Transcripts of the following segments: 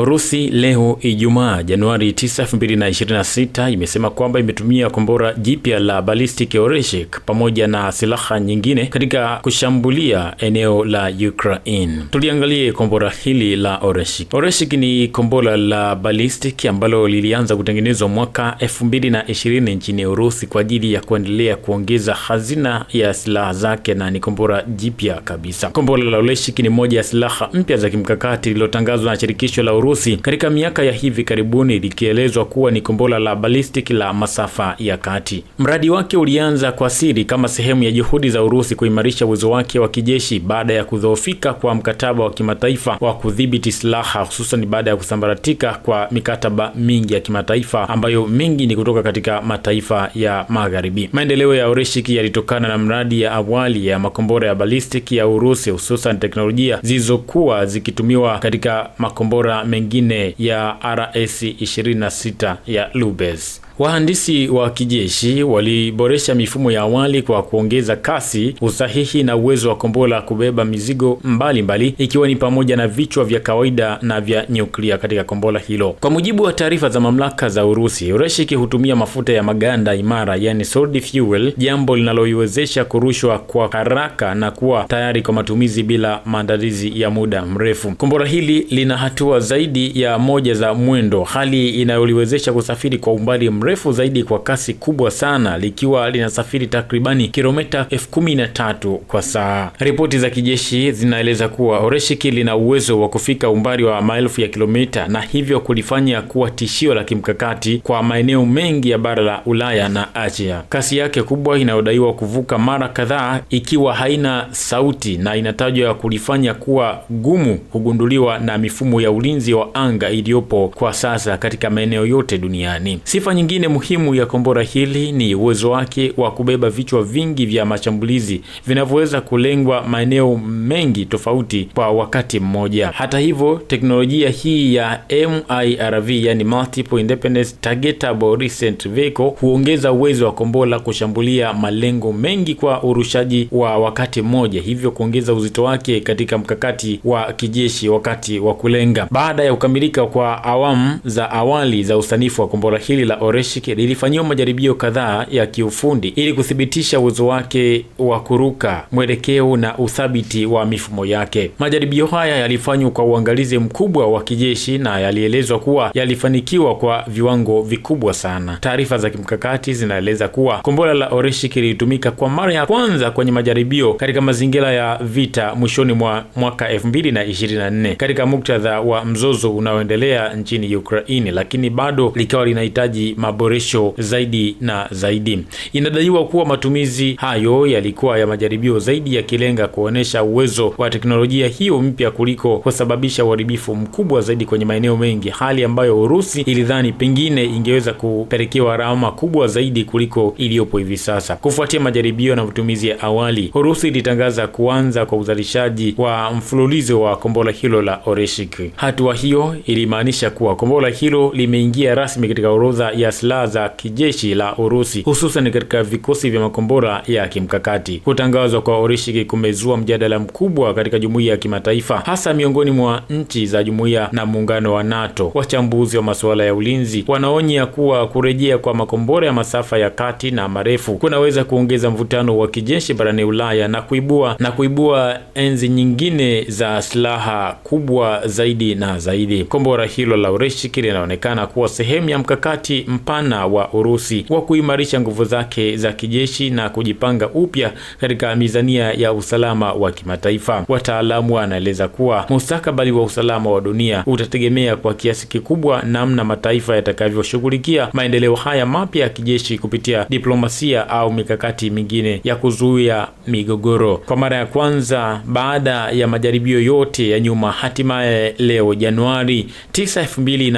Urusi leo Ijumaa Januari 9, 2026 imesema kwamba imetumia kombora jipya la ballistic Oreshik pamoja na silaha nyingine katika kushambulia eneo la Ukraine. Tuliangalie kombora hili la Oreshik. Oreshik ni kombora la ballistic ambalo lilianza kutengenezwa mwaka 2020 nchini Urusi kwa ajili ya kuendelea kuongeza hazina ya silaha zake na ni kombora jipya kabisa. Kombora la Oreshik ni moja ya silaha mpya za kimkakati lililotangazwa na shirikisho la Urusi Urusi katika miaka ya hivi karibuni, likielezwa kuwa ni kombola la balistik la masafa ya kati. Mradi wake ulianza kwa siri kama sehemu ya juhudi za Urusi kuimarisha uwezo wake wa kijeshi baada ya kudhoofika kwa mkataba wa kimataifa wa kudhibiti silaha, hususan baada ya kusambaratika kwa mikataba mingi ya kimataifa ambayo mingi ni kutoka katika mataifa ya Magharibi. Maendeleo ya Oreshiki yalitokana na mradi ya awali ya makombora ya balistik ya Urusi, hususan teknolojia zilizokuwa zikitumiwa katika makombora mengi mengine ya RS 26 ya Lubez. Wahandisi wa kijeshi waliboresha mifumo ya awali kwa kuongeza kasi, usahihi na uwezo wa kombora kubeba mizigo mbalimbali, ikiwa ni pamoja na vichwa vya kawaida na vya nyuklia katika kombora hilo. Kwa mujibu wa taarifa za mamlaka za Urusi, Ureshiki hutumia mafuta ya maganda imara, yani solid fuel, jambo linaloiwezesha kurushwa kwa haraka na kuwa tayari kwa matumizi bila maandalizi ya muda mrefu. Kombora hili lina hatua zaidi ya moja za mwendo, hali inayoliwezesha kusafiri kwa umbali mrefu mrefu zaidi kwa kasi kubwa sana likiwa linasafiri takribani kilomita elfu kumi na tatu kwa saa. Ripoti za kijeshi zinaeleza kuwa Oreshiki lina uwezo wa kufika umbali wa maelfu ya kilomita na hivyo kulifanya kuwa tishio la kimkakati kwa maeneo mengi ya bara la Ulaya na Asia. Kasi yake kubwa inayodaiwa kuvuka mara kadhaa ikiwa haina sauti na inatajwa kulifanya kuwa gumu kugunduliwa na mifumo ya ulinzi wa anga iliyopo kwa sasa katika maeneo yote duniani. Sifa nyingine nyingine muhimu ya kombora hili ni uwezo wake wa kubeba vichwa vingi vya mashambulizi vinavyoweza kulengwa maeneo mengi tofauti kwa wakati mmoja. Hata hivyo, teknolojia hii ya MIRV, yani multiple independent targetable recent vehicle, huongeza uwezo wa kombora kushambulia malengo mengi kwa urushaji wa wakati mmoja, hivyo kuongeza uzito wake katika mkakati wa kijeshi wakati wa kulenga. Baada ya kukamilika kwa awamu za awali za usanifu wa kombora hili la Oresh Mishikeli lilifanyiwa majaribio kadhaa ya kiufundi ili kuthibitisha uwezo wake wa kuruka mwelekeo na uthabiti wa mifumo yake. Majaribio haya yalifanywa kwa uangalizi mkubwa wa kijeshi na yalielezwa kuwa yalifanikiwa kwa viwango vikubwa sana. Taarifa za kimkakati zinaeleza kuwa kombora la Oreshiki lilitumika kwa mara ya kwanza kwenye majaribio katika mazingira ya vita mwishoni mwa mwaka 2024 katika muktadha wa mzozo unaoendelea nchini Ukraini, lakini bado likawa linahitaji maboresho zaidi na zaidi. Inadaiwa kuwa matumizi hayo yalikuwa ya majaribio zaidi, yakilenga kuonyesha uwezo wa teknolojia hiyo mpya kuliko kusababisha uharibifu mkubwa zaidi kwenye maeneo mengi, hali ambayo Urusi ilidhani pengine ingeweza kupelekewa rama kubwa zaidi kuliko iliyopo hivi sasa. Kufuatia majaribio na matumizi ya awali, Urusi ilitangaza kuanza kwa uzalishaji wa mfululizo wa kombora hilo la Oreshik. Hatua hiyo ilimaanisha kuwa kombora hilo limeingia rasmi katika orodha ya silaha za kijeshi la Urusi, hususan katika vikosi vya makombora ya kimkakati. Kutangazwa kwa Orishiki kumezua mjadala mkubwa katika jumuiya ya kimataifa, hasa miongoni mwa nchi za jumuiya na muungano wa NATO. Wachambuzi wa masuala ya ulinzi wanaonya kuwa kurejea kwa makombora ya masafa ya kati na marefu kunaweza kuongeza mvutano wa kijeshi barani Ulaya na kuibua na kuibua enzi nyingine za silaha kubwa zaidi na zaidi. Kombora hilo la Orishiki linaonekana kuwa sehemu ya mkakati mpa mpana wa Urusi wa kuimarisha nguvu zake za kijeshi na kujipanga upya katika mizania ya usalama wa kimataifa. Wataalamu wanaeleza kuwa mustakabali wa usalama wa dunia utategemea kwa kiasi kikubwa namna mataifa yatakavyoshughulikia maendeleo haya mapya ya kijeshi kupitia diplomasia au mikakati mingine ya kuzuia migogoro. Kwa mara ya kwanza baada ya majaribio yote ya nyuma, hatimaye leo Januari 9,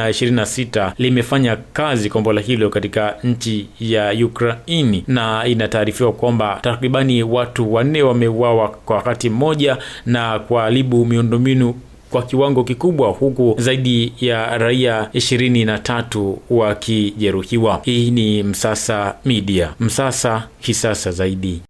2026 limefanya kazi kombora hilo katika nchi ya Ukraini, na inataarifiwa kwamba takribani watu wanne wameuawa kwa wakati mmoja na kuharibu miundombinu kwa kiwango kikubwa huku zaidi ya raia ishirini na tatu wakijeruhiwa. Hii ni Msasa Media, Msasa kisasa zaidi.